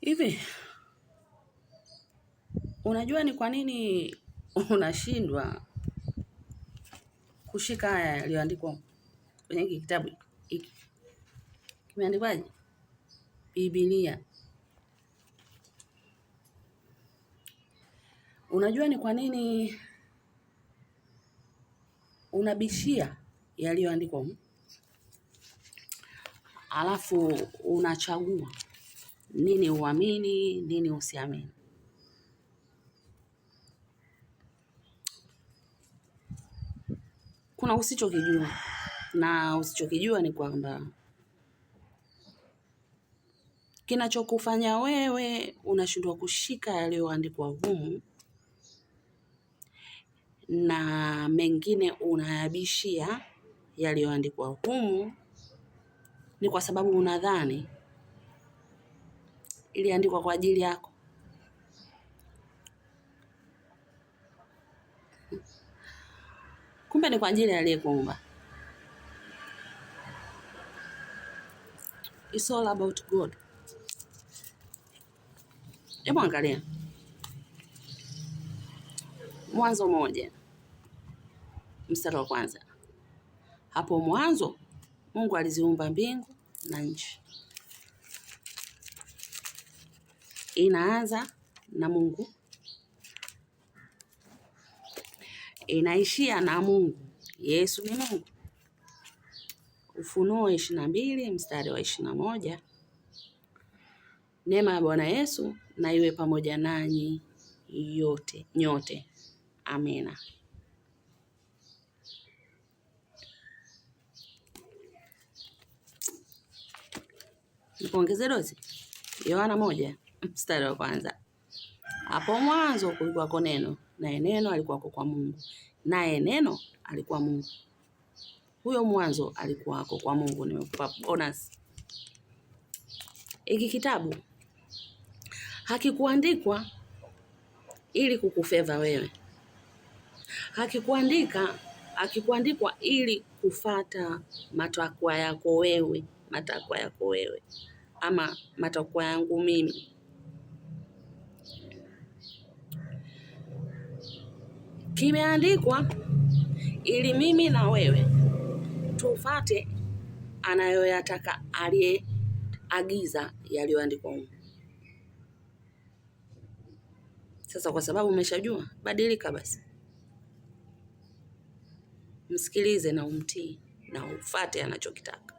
Hivi unajua ni kwa nini unashindwa kushika haya yaliyoandikwa kwenye hiki kitabu hiki? Kimeandikwaje? Biblia. Unajua ni kwa nini unabishia yaliyoandikwa, alafu unachagua nini uamini, nini usiamini. Kuna usichokijua, na usichokijua ni kwamba kinachokufanya wewe unashindwa kushika yaliyoandikwa humu na mengine unayabishia yaliyoandikwa humu ni kwa sababu unadhani iliandikwa kwa ajili yako. Kumbe ni kwa ajili ya aliyekuumba. It's all about God. Hebu angalia Mwanzo moja mstari wa kwanza. Hapo mwanzo Mungu aliziumba mbingu na nchi. inaanza na Mungu, inaishia na Mungu. Yesu ni Mungu. Ufunuo ishirini na mbili mstari wa ishirini na moja. Neema ya Bwana Yesu na iwe pamoja nanyi yote nyote. Amina. Nikuongeze dozi Yohana moja mstari wa kwanza. Hapo mwanzo kwa neno, naye neno alikuwako kwa Mungu, naye neno alikuwa Mungu. Huyo mwanzo alikuwako kwa Mungu. Nimekupa bonus. Hiki kitabu hakikuandikwa ili kukufeva wewe, hakikuandika hakikuandikwa ili kufata matakwa yako wewe, matakwa yako wewe ama matakwa yangu mimi Kimeandikwa ili mimi na wewe tufate anayoyataka aliyeagiza yaliyoandikwa huko. Sasa kwa sababu umeshajua, badilika basi, msikilize na umtii na ufate anachokitaka.